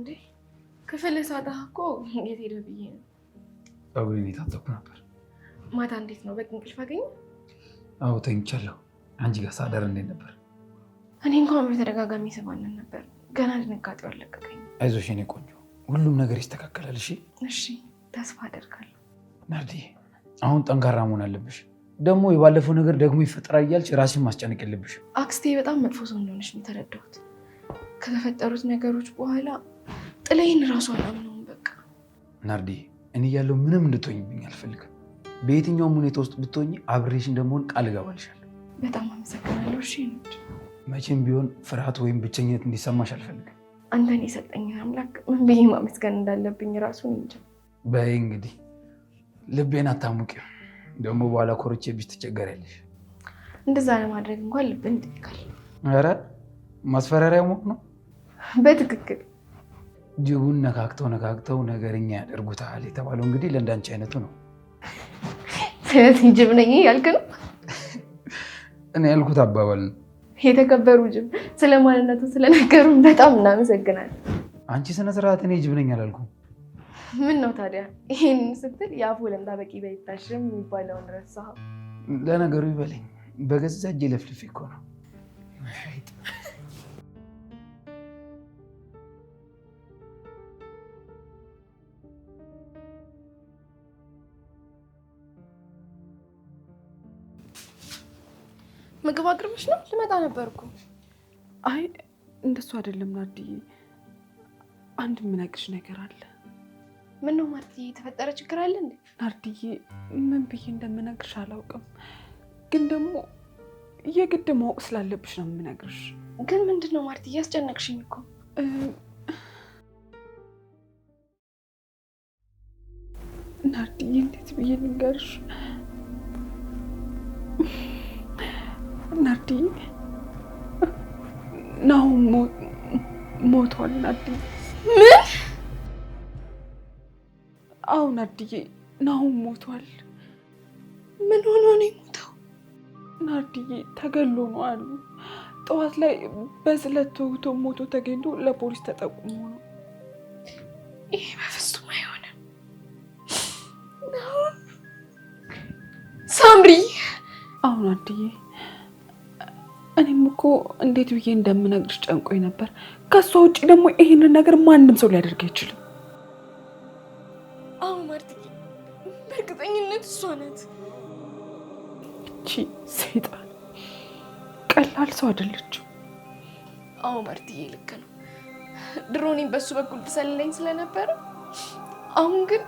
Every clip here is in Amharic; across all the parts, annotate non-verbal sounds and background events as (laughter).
እንዴ ክፍል ሳጣህ እኮ የት ሄደህ ብዬ ነው። ጸጉሬን የታጠብኩ ነበር። ማታ እንዴት ነው? በቂ እንቅልፍ አገኘ? አዎ ተኝቻለሁ። አንቺ ጋር ሳደር እንዴት ነበር? እኔ እንኳን በተደጋጋሚ ሰማንን ነበር። ገና ድንጋጤው አለቀቀኝ። አይዞሽ የኔ ቆንጆ፣ ሁሉም ነገር ይስተካከላል። እሺ እሺ፣ ተስፋ አደርጋለሁ። ናርዲ፣ አሁን ጠንካራ መሆን አለብሽ። ደግሞ የባለፈው ነገር ደግሞ ይፈጠራል እያልሽ ራስሽን ማስጨነቅ የለብሽ። አክስቴ በጣም መጥፎ ሰው እንደሆነች ነው የተረዳሁት ከተፈጠሩት ነገሮች በኋላ ጥለይን ራሱ አላምነውም። በቃ ናርዲ፣ እኔ ያለው ምንም እንድትሆኝብኝ አልፈልግም። በየትኛውም ሁኔታ ውስጥ ብትሆኝ አብሬሽ እንደመሆን ቃል እገባልሻለሁ። በጣም አመሰግናለሁ። እሺ ነድ፣ መቼም ቢሆን ፍርሃት ወይም ብቸኝነት እንዲሰማሽ አልፈልግም። አንተን የሰጠኝን አምላክ ምን ብዬ ማመስገን እንዳለብኝ ራሱን እንጃ። በይ እንግዲህ ልቤን አታሙቂ። ደግሞ በኋላ ኮርቼ ብሽ ትቸገሪያለሽ። እንደዛ ለማድረግ እንኳን ልብን ይጠይቃል። ኧረ ማስፈራሪያ ሞቅ ነው በትክክል ጅቡን ነካክተው ነካክተው ነገርኛ ያደርጉታል የተባለው እንግዲህ ለእንዳንቺ አይነቱ ነው። ስለዚህ ጅብ ነኝ ያልክ ነው? እኔ ያልኩት አባባል ነው። የተከበሩ ጅብ ስለ ማንነቱ ስለነገሩ በጣም እናመሰግናለን። አንቺ ስነ ስርዓት እኔ ጅብ ነኝ አላልኩ ምን ነው ታዲያ ይህን ስትል የአፉ ለምታ በቂ በይታሽም የሚባለውን ረሳ። ለነገሩ ይበለኝ፣ በገዛ እጄ ለፍልፌ እኮ ነው። ምግብ አቅርበሽ ነው? ልመጣ ነበርኩ። አይ እንደሱ አይደለም ናድዬ፣ አንድ የምነግርሽ ነገር አለ። ምን ነው ማርትዬ? የተፈጠረ ችግር አለ እንዴ? ናርድዬ፣ ምን ብዬ እንደምነግርሽ አላውቅም፣ ግን ደግሞ የግድ ማወቅ ስላለብሽ ነው የምነግርሽ። ግን ምንድን ነው ማርትዬ? ያስጨነቅሽኝ እኮ ናርድዬ። እንዴት ብዬ ልንገርሽ? ናርዲዬ፣ ናሁ ሞቷል ናርዲዬ። ምን? አዎ ናርዲዬ፣ ናሁም ሞቷል። ምን ሆኖ ነው የሞተው? ናርዲዬ፣ ተገሎ ነው አሉ። ጠዋት ላይ በስለት ተወግቶ ሞቶ ተገኝቶ ለፖሊስ ተጠቁሞ ነው። ይሄ በፍጹም አይሆንም። ሳምሪ፣ አሁን አድዬ እኔም እኮ እንዴት ብዬ እንደምነግርሽ ጨንቆኝ ነበር። ከእሷ ውጭ ደግሞ ይሄንን ነገር ማንም ሰው ሊያደርግ አይችልም። አሁ ማርትዬ፣ በእርግጠኝነት እሷ ናት። እቺ ሰይጣን ቀላል ሰው አይደለችም። አሁ ማርትዬ፣ ልክ ነው። ድሮ እኔም በእሱ በኩል ትሰልለኝ ስለነበረ አሁን ግን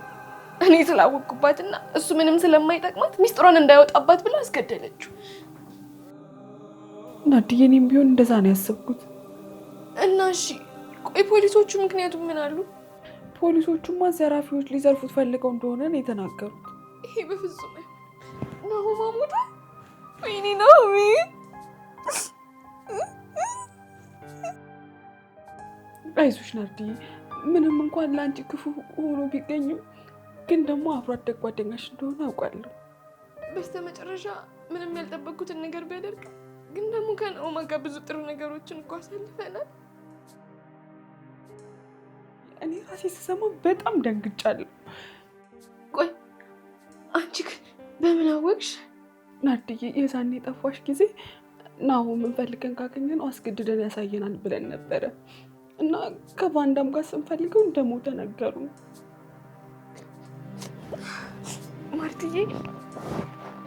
እኔ ስላወቅኩባትና እሱ ምንም ስለማይጠቅማት ሚስጥሯን እንዳይወጣባት ብላ አስገደለችው። አድዬ እኔም ቢሆን እንደዛ ነው ያሰብኩት። እና እሺ ቆይ ፖሊሶቹ ምክንያቱም ምን አሉ? ፖሊሶቹማ ዘራፊዎች ሊዘርፉት ፈልገው እንደሆነ ነው የተናገሩት። ይሄ በፍጹም ነው ማሙዳ። ወይኒ ነው አይዞሽ ናርዲዬ፣ ምንም እንኳን ለአንቺ ክፉ ሆኖ ቢገኝም ግን ደግሞ አብሮ አደግ ጓደኛሽ እንደሆነ አውቃለሁ። በስተመጨረሻ ምንም ያልጠበቅኩትን ነገር ቢያደርግ ግን ደግሞ ከናኦማ ጋር ብዙ ጥሩ ነገሮችን እኮ አሳልፈናል። እኔ ራሴ ስሰማው በጣም ደንግጫለሁ። ቆይ አንቺ ግን በምን አወቅሽ? ናርድዬ የዛኔ የጠፋሽ ጊዜ ናሆምን ፈልገን ካገኘነው አስገድደን ያሳየናል ብለን ነበረ እና ከባንዳም ጋር ስንፈልገው እንደሞተ ነገሩ። ማርትዬ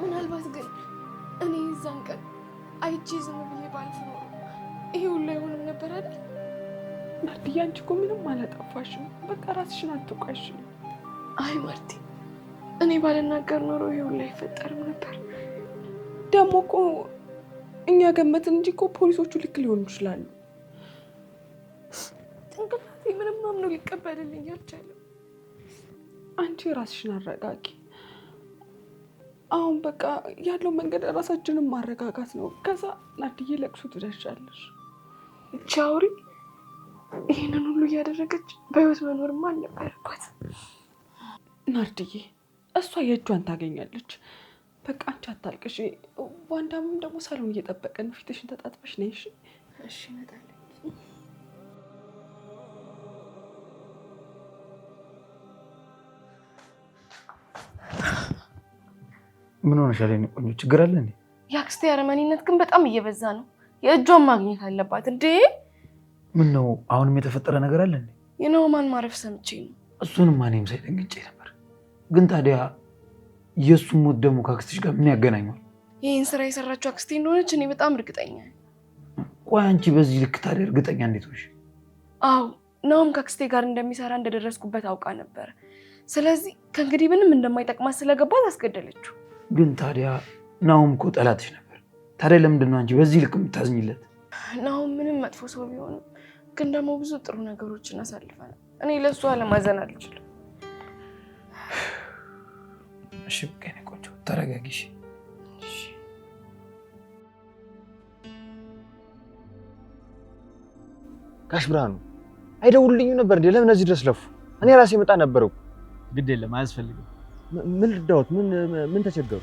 ምናልባት ግን እኔ የዛን ቀን አይቼ ዝም ብዬ ባልፍ ኖሮ ይሄ ሁሉ አይሆንም ነበር አይደል? ናርዲዬ፣ አንቺ እኮ ምንም አላጠፋሽም። በቃ ራስሽን አትውቃሽ። አይ ማርቲ፣ እኔ ባልናገር ኖሮ ይሄ ሁሉ አይፈጠርም ነበር። ደግሞ እኮ እኛ ገመትን እንጂ እኮ ፖሊሶቹ ልክ ሊሆኑ ይችላሉ። ጭንቅላቴ ምንም አምኖ ሊቀበልልኝ አልቻለም። አንቺ ራስሽን አረጋጊ። አሁን በቃ ያለው መንገድ ራሳችንን ማረጋጋት ነው። ከዛ ናድዬ ለቅሶ ትደርሻለሽ። ቻውሪ ይህንን ሁሉ እያደረገች በህይወት መኖርማ አልነበረባት። ናርድዬ እሷ የእጇን ታገኛለች። በቃ አንቺ አታልቅሽ። ዋንዳምም ደግሞ ሳሎን እየጠበቀን ፊትሽን ተጣጥበሽ ነይሽ። እሺ እመጣለሁ። ምን ሆነሻል? የእኔ ቆንጆ ችግር አለ እንዴ? የአክስቴ አረመኔነት ግን በጣም እየበዛ ነው። የእጇን ማግኘት አለባት እንዴ። ምን ነው አሁንም የተፈጠረ ነገር አለ እንዴ? የናኦማን ማረፍ ሰምቼ ነው። እሱንም እኔም ሳይደንግጬ ነበር። ግን ታዲያ የእሱ ሞት ደግሞ ከአክስትሽ ጋር ምን ያገናኘዋል? ይህን ስራ የሰራችው አክስቴ እንደሆነች እኔ በጣም እርግጠኛ። ቆይ አንቺ በዚህ ልክ ታዲያ እርግጠኛ እንዴት ሆንሽ? አዎ ናኦም ከአክስቴ ጋር እንደሚሰራ እንደደረስኩበት አውቃ ነበር። ስለዚህ ከእንግዲህ ምንም እንደማይጠቅማት ስለገባት አስገደለችው። ግን ታዲያ ናሁም እኮ ጠላትሽ ነበር። ታዲያ ለምንድን ነው አንቺ በዚህ ልክ የምታዝኝለት? ናሁም ምንም መጥፎ ሰው ቢሆንም ግን ደግሞ ብዙ ጥሩ ነገሮች እናሳልፈናል። እኔ ለእሱ አለማዘን አልችልም። እሺ በቃ የእኔ ቆንጆ ጋሽ ብርሃኑ አይደውልልኝም ነበር እንዴ? ለምን እዚህ ድረስ ለፉ? እኔ ራሴ መጣ ነበረው። ግድ የለም አያስፈልግም ምን ልዳዎት? ምን ተቸገሩ?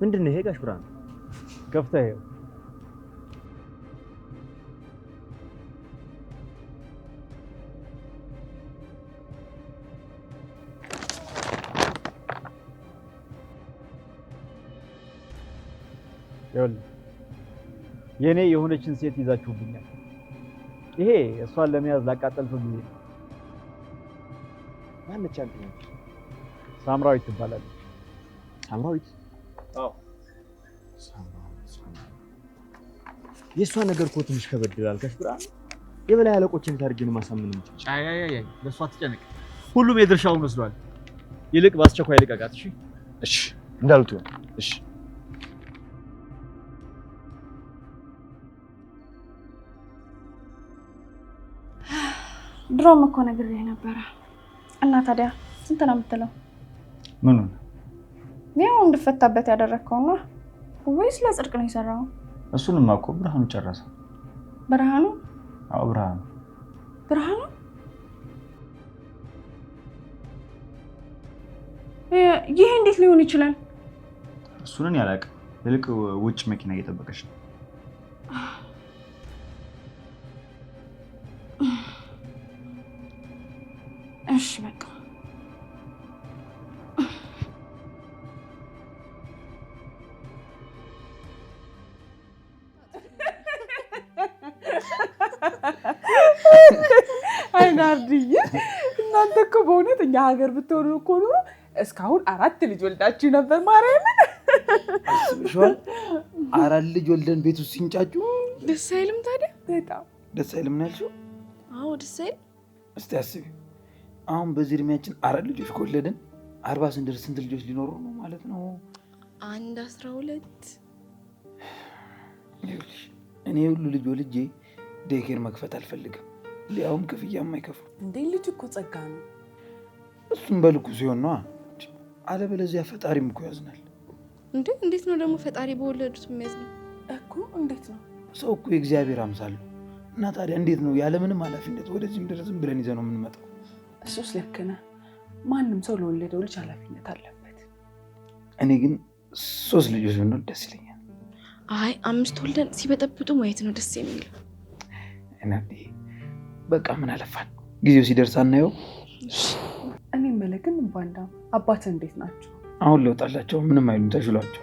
ምንድን ነው ይሄ? ጋሽ ብርሃን ከፍታ ይሄው ይኸውልህ የእኔ የሆነችን ሴት ይዛችሁብኛል። ይሄ እሷን ለመያዝ ላቃጠልከው ጊዜ ነው። ማነች? አንተ ሳምራዊት ትባላለች። ሳምራዊት? አዎ የእሷ ነገር እኮ ትንሽ ከበድ ይላል። ከሽብራ የበላይ አለቆችን ታርጅን ማሳመን እንጂ አያያያ ለእሷ አትጨነቅ። ሁሉም የድርሻውን ወስዷል። ይልቅ በአስቸኳይ ልቀቃት። እሺ እሺ፣ እንዳልኩት እሺ ድሮም እኮ ነግሬህ ነበረ። እና ታዲያ ስንት ነው የምትለው? ምኑ ነው ያው እንድፈታበት ያደረግከውና ወይስ ለጽድቅ ነው የሰራው? እሱንማ እኮ ብርሃኑ ጨረሰ። ብርሃኑ? አዎ ብርሃኑ። ብርሃኑ ይሄ እንዴት ሊሆን ይችላል? እሱንን ያላውቅም። ይልቅ ውጭ መኪና እየጠበቀች ነው እኛ ሀገር ብትሆኑ እኮ ኑሮ እስካሁን አራት ልጅ ወልዳችሁ ነበር። ማርያምን አራት ልጅ ወልደን ቤት ውስጥ ሲንጫጩ ደስ አይልም? ታዲያ በጣም ደስ አይልም ነው ያልሽው? አዎ ደስ አይልም። እስቲ አስቢ፣ አሁን በዚህ እድሜያችን አራት ልጆች ከወለድን አርባ ስንደርስ ስንት ልጆች ሊኖሩ ነው ማለት ነው? አንድ አስራ ሁለት እኔ ሁሉ ልጅ ወልጄ ዴይኬር መክፈት አልፈልግም። ሊያውም ክፍያ የማይከፍሉ እንዴ! ልጅ እኮ ጸጋ ነው እሱም በልኩ ሲሆን ነዋ። አለበለዚያ ፈጣሪም እኮ ያዝናል። እንዴ እንዴት ነው ደግሞ ፈጣሪ በወለዱት የሚያዝነው እኮ? እንዴት ነው ሰው እኮ የእግዚአብሔር አምሳል ነው። እና ታዲያ እንዴት ነው ያለምንም ኃላፊነት ወደዚህም ድረስም ብለን ይዘ ነው የምንመጣው? እሱስ ልክ ነህ። ማንም ሰው ለወለደው ልጅ ኃላፊነት አለበት። እኔ ግን ሶስት ልጆች ብንሆን ደስ ይለኛል። አይ አምስት ወልደን ሲበጠብጡ ማየት ነው ደስ የሚል። እና በቃ ምን አለፋን ጊዜው ሲደርስ አናየው ባንዳ አባት እንዴት ናቸው? አሁን ለውጣላቸው ምንም አይሉም ተሽሏቸዋል።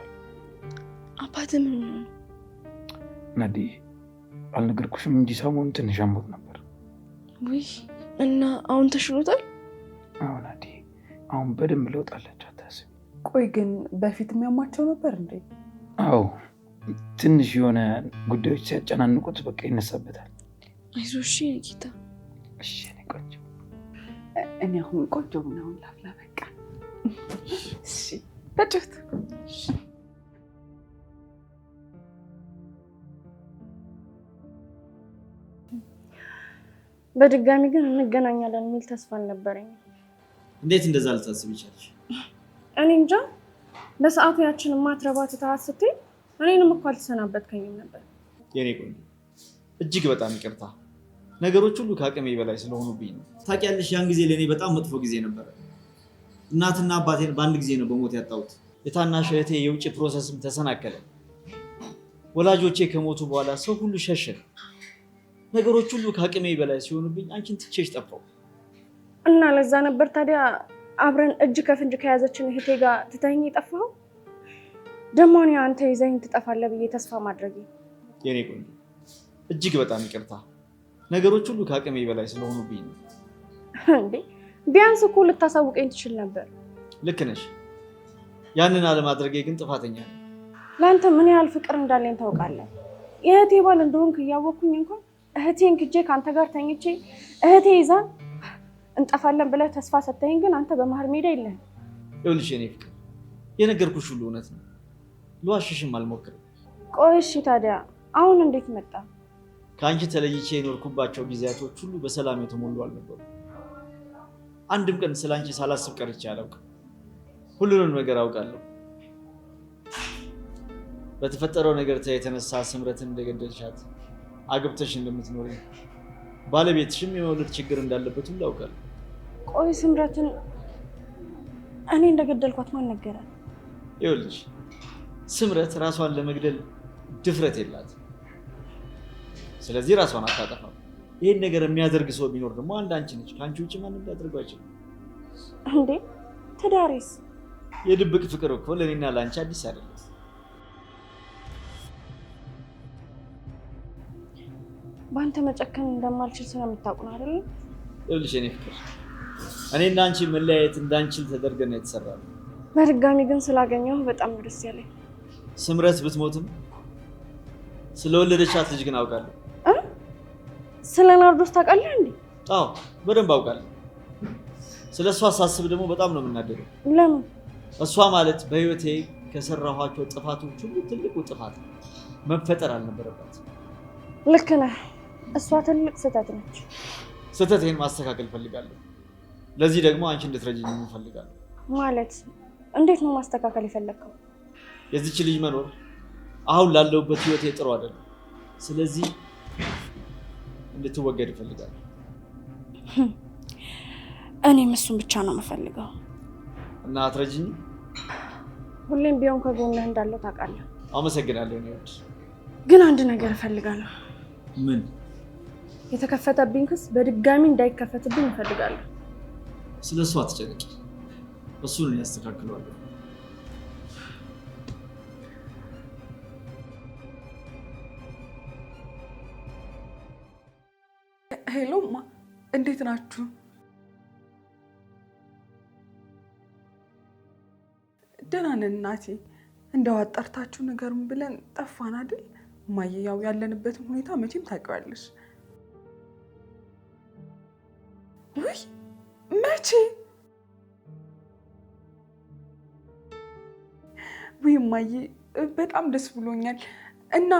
አባት ምን ናዲ አልነገርኩሽም እንጂ ሰሞኑን ትንሽ አሞት ነበር። ውይ እና አሁን ተሽሎታል? አሁን ናዲ አሁን በደንብ ለውጣላቸው አታስቢ። ቆይ ግን በፊት የሚያማቸው ነበር እንዴ? አዎ ትንሽ የሆነ ጉዳዮች ሲያጨናንቁት በቃ ይነሳበታል። አይዞሽ ጌታ እሺ እኔ አሁን ቆንጆ ምናምን ላፍላ በቃ በጭት በድጋሚ ግን እንገናኛለን የሚል ተስፋ አልነበረኝ። እንዴት እንደዛ ልታስብ ይቻለሽ? እኔ እንጃ። በሰዓቱ ያችን ማትረባ ትተሃት ስትይ እኔንም እኮ አልተሰናበትከኝም ነበር የኔ ቆንጆ። እጅግ በጣም ይቅርታ ነገሮች ሁሉ ከአቅሜ በላይ ስለሆኑብኝ ነው። ታውቂያለሽ፣ ያን ጊዜ ለእኔ በጣም መጥፎ ጊዜ ነበረ። እናትና አባቴን በአንድ ጊዜ ነው በሞት ያጣሁት። የታናሽ እህቴ የውጭ ፕሮሰስም ተሰናከለ። ወላጆቼ ከሞቱ በኋላ ሰው ሁሉ ሸሸ። ነገሮች ሁሉ ከአቅሜ በላይ ሲሆኑብኝ አንቺን ትቼሽ ጠፋሁ እና ለዛ ነበር ታዲያ አብረን እጅ ከፍንጅ ከያዘችን እህቴ ጋር ትተኸኝ የጠፋኸው። ደግሞ እኔ አንተ ይዘኝ ትጠፋለህ ብዬ ተስፋ ማድረግ የኔ ቆንጆ፣ እጅግ በጣም ይቅርታ። ነገሮች ሁሉ ከአቅሜ በላይ ስለሆኑብኝ ነው። እንዴ ቢያንስ እኮ ልታሳውቀኝ ትችል ነበር። ልክ ነሽ። ያንን አለማድረጌ ግን ጥፋተኛ ነው። ለአንተ ምን ያህል ፍቅር እንዳለኝ ታውቃለህ። የእህቴ ባል እንደሆንክ እያወቅኩኝ እንኳን እህቴን ክጄ ከአንተ ጋር ተኝቼ እህቴ ይዛን እንጠፋለን ብለህ ተስፋ ሰታኝ፣ ግን አንተ በመሀል ሜዳ የለህም። ይኸውልሽ የኔ ፍቅር የነገርኩሽ ሁሉ እውነት ነው። ልዋሽሽም አልሞክርም። ቆይ እሺ ታዲያ አሁን እንዴት መጣ? ከአንቺ ተለይቼ የኖርኩባቸው ጊዜያቶች ሁሉ በሰላም የተሞሉ አልነበሩ። አንድም ቀን ስለ አንቺ ሳላስብ ቀርቼ አላውቅም። ሁሉንም ነገር አውቃለሁ። በተፈጠረው ነገር የተነሳ ስምረትን እንደገደልሻት፣ አግብተሽ እንደምትኖሪ፣ ባለቤትሽም የመውለድ ችግር እንዳለበት ሁሉ አውቃለሁ። ቆይ ስምረትን እኔ እንደገደልኳት ማን ነገራል? ይኸውልሽ ስምረት ራሷን ለመግደል ድፍረት የላት ስለዚህ ራሷን አታጠፋም። ይህን ነገር የሚያደርግ ሰው ቢኖር ደግሞ አንድ አንቺ ነች። ከአንቺ ውጭ ማንም ሊያደርገው አይችልም። እንዴ ትዳሬስ? የድብቅ ፍቅር እኮ ለእኔና ለአንቺ አዲስ አይደለም። በአንተ መጨከን እንደማልችል ስለምታውቅ ነው አይደለም? ይኸውልሽ እኔ ፍቅር እኔና አንቺ መለያየት እንዳንችል ተደርገን ነው በድጋሚ ግን ስላገኘሁ በጣም ደስ ያለኝ። ስምረት ብትሞትም ስለወለደቻት ልጅ ግን አውቃለሁ። ስለ ናርዶስ ታውቃለህ እንዴ? አዎ በደንብ አውቃለሁ። ስለ እሷ ሳስብ ደግሞ በጣም ነው የምናደደው። ለምን? እሷ ማለት በህይወቴ ከሰራኋቸው ጥፋቶች ሁሉ ትልቁ ጥፋት መፈጠር አልነበረባት። ልክ ነህ። እሷ ትልቅ ስህተት ነች። ስህተቴን ማስተካከል እፈልጋለሁ። ለዚህ ደግሞ አንቺ እንድትረጂኝ እፈልጋለሁ። ማለት እንዴት ነው ማስተካከል የፈለግከው? የዚች ልጅ መኖር አሁን ላለሁበት ህይወቴ ጥሩ አይደለም። ስለዚህ እንድትወገድ ይፈልጋል። እኔም እሱን ብቻ ነው የምፈልገው። እና አትረጅኝ። ሁሌም ቢሆን ከጎንህ እንዳለው ታውቃለህ። አመሰግናለሁ። ኔዎች ግን አንድ ነገር እፈልጋለሁ። ምን? የተከፈተብኝ ክስ በድጋሚ እንዳይከፈትብኝ እፈልጋለሁ። ስለ እሱ አትጨነቂ፣ እሱን ያስተካክለዋለሁ። ሄሎማ እንዴት ናችሁ? ደህና ነን እናቴ። እንደዋት ጠርታችሁ ንገሩን ብለን ጠፋን አይደል? እማዬ ያው ያለንበትን ሁኔታ መቼም ታውቂዋለሽ። ውይ መቼ? ውይ እማዬ በጣም ደስ ብሎኛል። እና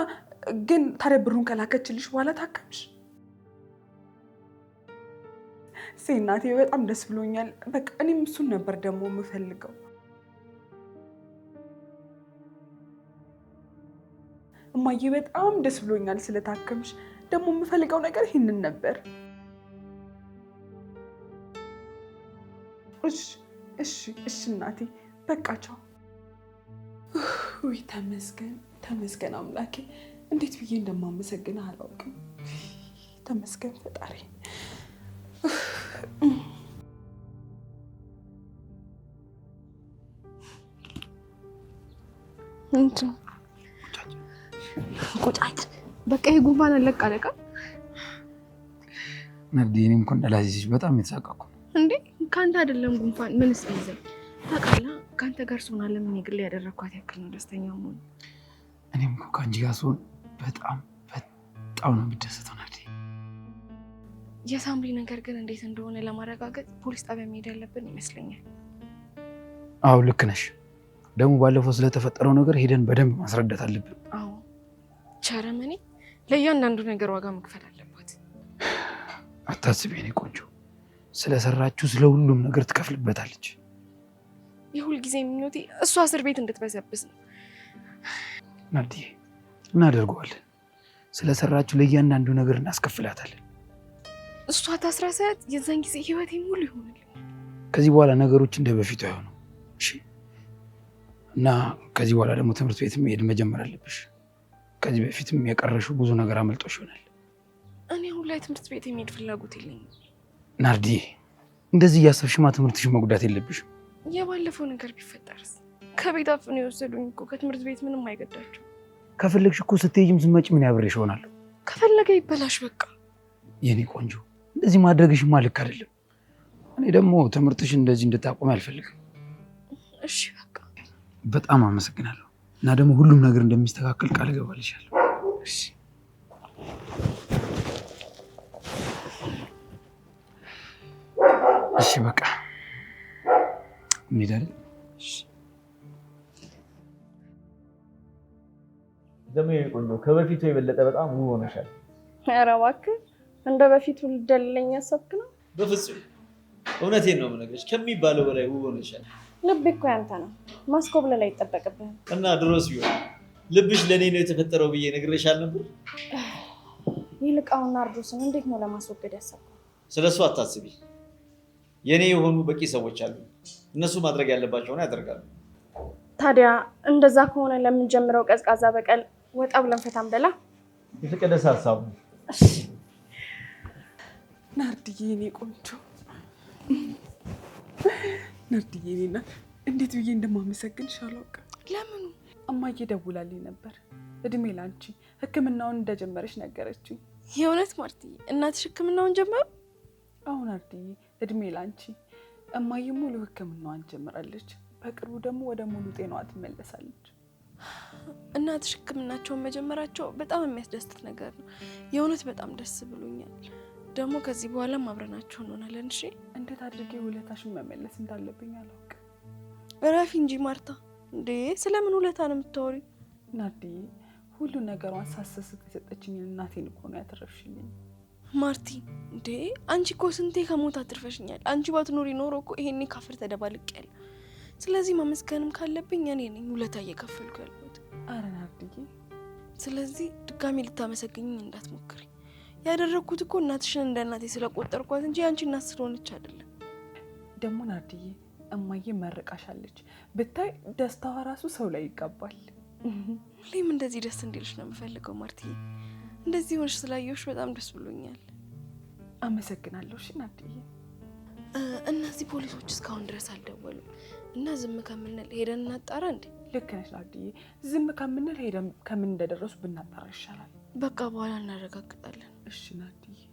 ግን ታዲያ ብሩን ከላከችልሽ በኋላ ታከምሽ? እናቴ በጣም ደስ ብሎኛል። በቃ እኔም እሱን ነበር ደግሞ የምፈልገው። እማዬ በጣም ደስ ብሎኛል ስለታከምሽ። ደግሞ የምፈልገው ነገር ይህንን ነበር። እሺ እሺ እሺ እናቴ በቃቸው። ውይ ተመስገን ተመስገን አምላኬ፣ እንዴት ብዬ እንደማመሰግንህ አላውቅም። ተመስገን ፈጣሪ። ቁጫጭ በቃ ይሄ ጉንፋን አለቅ አለቃ ነዲ እኔም እኮ እንዳላዚች በጣም የተሳቀኩ እንዴ ከአንተ አይደለም ጉንፋን ምን ስይዘኝ ታውቃለህ ከአንተ ጋር ስሆን ለምን የግል ያደረግኳት ያክል ነው ደስተኛ መሆን እኔም እኮ ከአንቺ ጋር ስሆን በጣም በጣም ነው የምደሰተው ናዲ የሳምሪ ነገር ግን እንዴት እንደሆነ ለማረጋገጥ ፖሊስ ጣቢያ መሄድ ያለብን ይመስለኛል አዎ ልክ ነሽ ደግሞ ባለፈው ስለተፈጠረው ነገር ሄደን በደንብ ማስረዳት አለብን። አዎ ቸረመኔ ለእያንዳንዱ ነገር ዋጋ መክፈል አለባት። አታስቢ ቆንጆ፣ ስለሰራችሁ ስለ ሁሉም ነገር ትከፍልበታለች። የሁልጊዜ ምኞቴ እሷ እስር ቤት እንድትበሰብስ ነው። ናዲ እናደርገዋለን። ስለሰራችሁ ለእያንዳንዱ ነገር እናስከፍላታለን። እሷ ታስራ ሳያት የዛን ጊዜ ህይወቴ ሙሉ ይሆናል። ከዚህ በኋላ ነገሮች እንደ በፊቱ አይሆኑም። እና ከዚህ በኋላ ደግሞ ትምህርት ቤት መሄድ መጀመር አለብሽ። ከዚህ በፊትም የቀረሽው ብዙ ነገር አመልጦሽ ይሆናል። እኔ አሁን ላይ ትምህርት ቤት የሚሄድ ፍላጎት የለኝም። ናርዲ፣ እንደዚህ እያሰብሽማ ትምህርትሽ መጉዳት የለብሽም። የባለፈው ነገር ቢፈጠርስ? ከቤት አፍነው የወሰዱኝ እኮ ከትምህርት ቤት ምንም አይገዳቸው። ከፈለግሽ እኮ ስትሄጂም ስመጪ ምን ያብሬሽ እሆናለሁ። ከፈለገ ይበላሽ በቃ። የኔ ቆንጆ፣ እንደዚህ ማድረግሽማ ልክ አይደለም። እኔ ደግሞ ትምህርትሽ እንደዚህ እንድታቆም አልፈልግም። እሺ በጣም አመሰግናለሁ እና ደግሞ ሁሉም ነገር እንደሚስተካከል ቃል እገባልሻለሁ። እሺ በቃ እንሄዳለን። ደግሞ ቆንጆ ከበፊቱ የበለጠ በጣም ውብ ሆነሻል። ኧረ እባክህ እንደ በፊቱ ልደልለኝ ያሰብክ ነው? በፍጹም እውነቴን ነው የምነግርሽ፣ ከሚባለው በላይ ውብ ሆነሻል። ልብ እኮ ያንተ ነው፣ ማስኮብለል ይጠበቅብህ እና ድሮስ ቢሆን ልብሽ ለእኔ ነው የተፈጠረው ብዬ ነግረሻል ነበር። ይልቃውና አርዶስን እንዴት ነው ለማስወገድ ያሰብኩት? ስለ እሱ አታስቢ። የእኔ የሆኑ በቂ ሰዎች አሉ። እነሱ ማድረግ ያለባቸውን ያደርጋሉ። ታዲያ እንደዛ ከሆነ ለምንጀምረው ቀዝቃዛ በቀል ወጣ ብለን ፈታም በላ የተቀደሰ ሀሳቡ ናርድዬ፣ እኔ ቆንጆ ናርድዬ፣ እኔ እናት እንዴት ብዬ እንደማመሰግንሽ አላውቅም። ለምኑ? እማዬ ደውላልኝ ነበር። እድሜ ላንቺ ህክምናውን እንደጀመረች ነገረችኝ። የእውነት ማርትዬ፣ እናትሽ ሕክምናውን ጀመሩ? አሁን ናርድዬ፣ እድሜ ላንቺ። እማዬ ሙሉ ህክምናዋን ጀምራለች። በቅርቡ ደግሞ ወደ ሙሉ ጤናዋ ትመለሳለች። እናትሽ ህክምናቸውን መጀመራቸው በጣም የሚያስደስት ነገር ነው። የእውነት በጣም ደስ ብሎኛል። ደግሞ ከዚህ በኋላም አብረናቸው እንሆናለን። እሺ። እንዴት አድርጌ ውለታሽን መመለስ እንዳለብኝ አላውቅ። እረፊ እንጂ ማርታ። እንዴ ስለምን ውለታ ነው የምታወሪው? ሁሉ ነገሯን ሳሰስት የሰጠችኝን እናቴን እኮ ነው ያተረፍሽልኝ። ማርቲ፣ እንዴ አንቺ እኮ ስንቴ ከሞት አትርፈሽኛል። አንቺ ባትኖሪ ኖሮ እኮ ይሄኔ ካፍር ተደባልቅ ያለ። ስለዚህ ማመስገንም ካለብኝ እኔ ነኝ ውለታ እየከፈልኩ ያለሁት። አረ ስለዚህ ድጋሜ ልታመሰግኝ እንዳትሞክርኝ ያደረግኩት እኮ እናትሽን እንደ እናቴ ስለቆጠርኳት እንጂ አንቺ እናት ስለሆነች አይደለም። ደግሞ ናርድዬ እማዬ መርቃሻለች ብታይ፣ ደስታዋ ራሱ ሰው ላይ ይጋባል። ሁሌም እንደዚህ ደስ እንዲልሽ ነው የምፈልገው ማርትዬ። እንደዚህ ሆንሽ ስላየሁሽ በጣም ደስ ብሎኛል። አመሰግናለሁ። እሺ ናርድዬ። እነዚህ ፖሊሶች እስካሁን ድረስ አልደወሉም እና ዝም ከምንል ሄደን እናጣራ። እንዴ ልክ ነሽ ናርድዬ። ዝም ከምንል ሄደን ከምን እንደደረሱ ብናጣራ ይሻላል። በቃ በኋላ እናረጋግጣለን። Ashimati.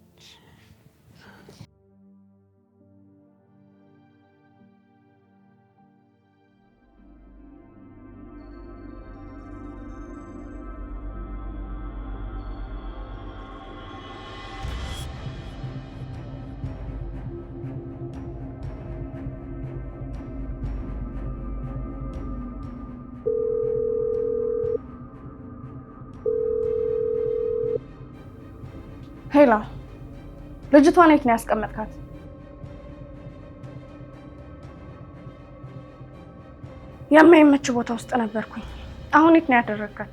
ሌላ ልጅቷን የት ነው ያስቀመጥካት? የማይመች ቦታ ውስጥ ነበርኩኝ። አሁን የት ነው ያደረግካት?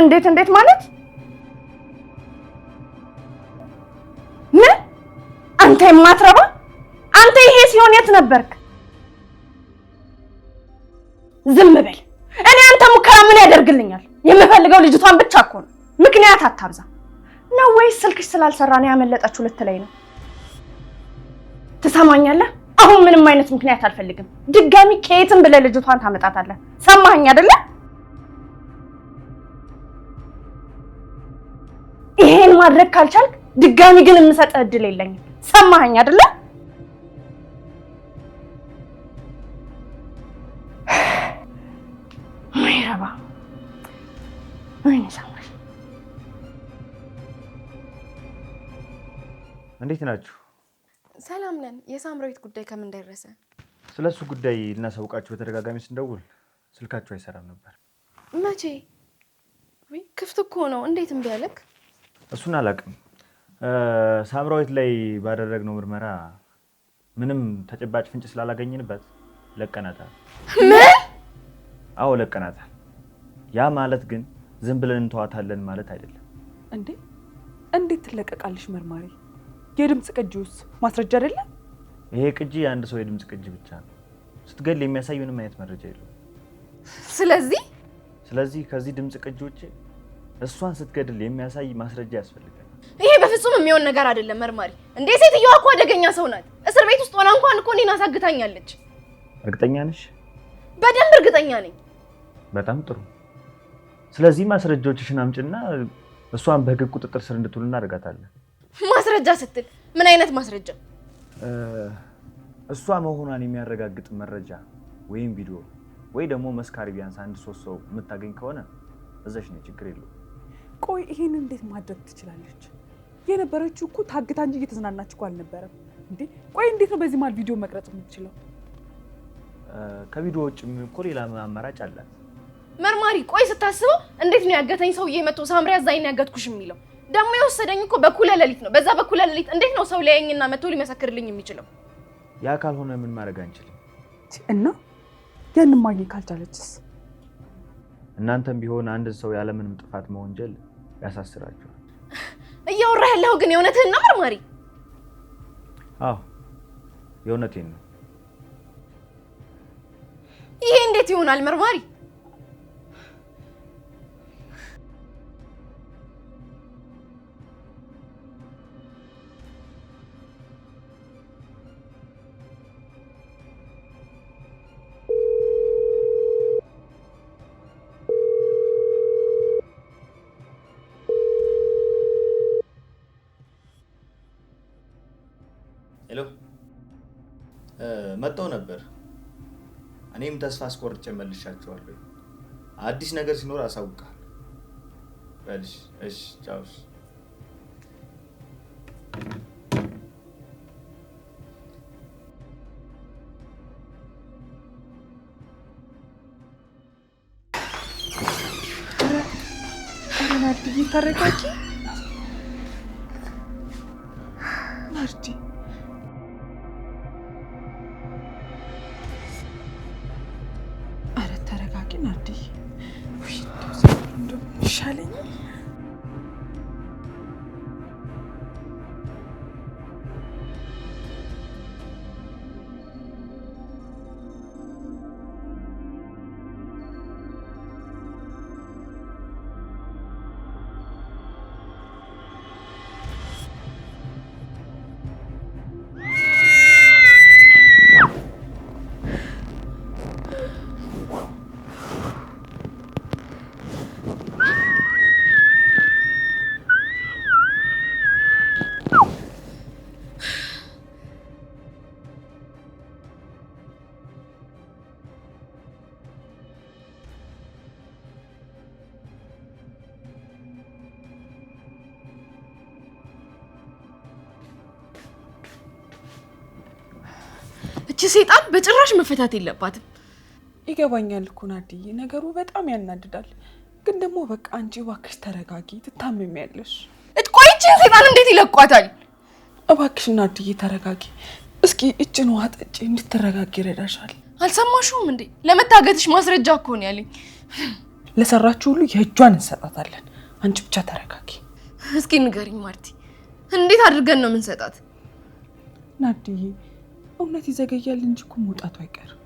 እንዴት እንዴት ማለት ምን? አንተ የማትረባ አንተ! ይሄ ሲሆን የት ነበርክ? ዝም በል። እኔ አንተ ሙከራ ምን ያደርግልኛል? የምፈልገው ልጅቷን ብቻ እኮ ነው። ምክንያት አታብዛ። ነው ወይስ ስልክሽ ስላልሰራ ነው ያመለጠችው ልትለኝ ነው? ትሰማኛለህ? አሁን ምንም አይነት ምክንያት አልፈልግም። ድጋሚ ከየትም ብለህ ልጅቷን ታመጣታለህ። ሰማኸኝ አይደለ? ይሄን ማድረግ ካልቻልክ ድጋሚ ግን የምሰጥህ እድል የለኝም። ሰማኸኝ አይደለ? (sighs) ማይረባ እንዴት ናችሁ? ሰላም ነን። የሳምራዊት ጉዳይ ከምን ደረሰ? ስለ እሱ ጉዳይ ልናሳውቃችሁ በተደጋጋሚ ስንደውል ስልካችሁ አይሰራም ነበር። መቼ? ክፍት እኮ ነው። እንዴት እምቢ አለክ? እሱን አላውቅም። ሳምራዊት ላይ ባደረግነው ምርመራ ምንም ተጨባጭ ፍንጭ ስላላገኘንበት ለቀናታል። ምን? አዎ ለቀናታል። ያ ማለት ግን ዝም ብለን እንተዋታለን ማለት አይደለም። እንዴ! እንዴት ትለቀቃለሽ? መርማሪ የድምፅ ቅጂውስ ማስረጃ አይደለም? ይሄ ቅጂ የአንድ ሰው የድምፅ ቅጂ ብቻ ነው። ስትገል የሚያሳይ ምንም አይነት መረጃ የለውም። ስለዚህ ስለዚህ ከዚህ ድምፅ ቅጂ ውጭ እሷን ስትገድል የሚያሳይ ማስረጃ ያስፈልጋል። ይሄ በፍጹም የሚሆን ነገር አይደለም መርማሪ። እንዴ ሴትዮዋ እኮ አደገኛ ሰው ናት። እስር ቤት ውስጥ ሆና እንኳን እኮ እኔን አሳግታኛለች። እርግጠኛ ነሽ? በደንብ እርግጠኛ ነኝ። በጣም ጥሩ። ስለዚህ ማስረጃዎችሽን አምጭና እሷን በህግ ቁጥጥር ስር እንድትውል እናደርጋታለን። ማስረጃ ስትል ምን አይነት ማስረጃ? እሷ መሆኗን የሚያረጋግጥ መረጃ ወይም ቪዲዮ ወይ ደግሞ መስካሪ ቢያንስ አንድ ሶስት ሰው የምታገኝ ከሆነ እዛሽ ነው፣ ችግር የለው። ቆይ ይሄን እንዴት ማድረግ ትችላለች? የነበረችው እኮ ታግታ እንጂ እየተዝናናች እኮ አልነበረም እንዴ። ቆይ እንዴት ነው በዚህ ማል ቪዲዮ መቅረጽ የምትችለው? ከቪዲዮ ውጭ እኮ ሌላ አማራጭ አላት። መርማሪ ቆይ ስታስበው እንዴት ነው ያገተኝ ሰውዬ መቶ ሳምሪያ ዛይን ያገትኩሽ የሚለው ደግሞ የወሰደኝ እኮ በኩለ ሌሊት ነው። በዛ በኩለ ሌሊት እንዴት ነው ሰው ሊያየኝና መቶ ሊመሰክርልኝ የሚችለው? ያ ካልሆነ ምን ማድረግ አንችልም። እና ያንን ማግኘት ካልቻለችስ? እናንተም ቢሆን አንድ ሰው ያለምንም ጥፋት መወንጀል ያሳስራችኋል። (laughs) እያወራ ያለው ግን የእውነትህን ነው መርማሪ? አዎ የእውነቴን ነው። ይሄ እንዴት ይሆናል መርማሪ? ተስፋ አስቆርጬ መልሻቸዋለሁ። አዲስ ነገር ሲኖር አሳውቃል። በልሽ። እሺ፣ ቻው። ታረቃች ሴጣን በጭራሽ መፈታት የለባትም። ይገባኛል እኮ ናድዬ፣ ነገሩ በጣም ያናድዳል። ግን ደግሞ በቃ አንቺ እባክሽ ተረጋጊ፣ ትታመሚያለሽ። እጥቆይችን ሴጣን እንዴት ይለቋታል? እባክሽ ናድዬ ተረጋጊ። እስኪ እጭን ውሃ ጠጪ፣ እንድትረጋጊ ይረዳሻል። አልሰማሽውም እንዴ? ለመታገትሽ ማስረጃ እኮ ነው ያለኝ። ለሰራችሁ ሁሉ የእጇን እንሰጣታለን። አንቺ ብቻ ተረጋጊ። እስኪ ንገሪኝ ማርቲ፣ እንዴት አድርገን ነው የምንሰጣት ናድዬ? እውነት ይዘገያል እንጂ እኮ መውጣቱ አይቀርም።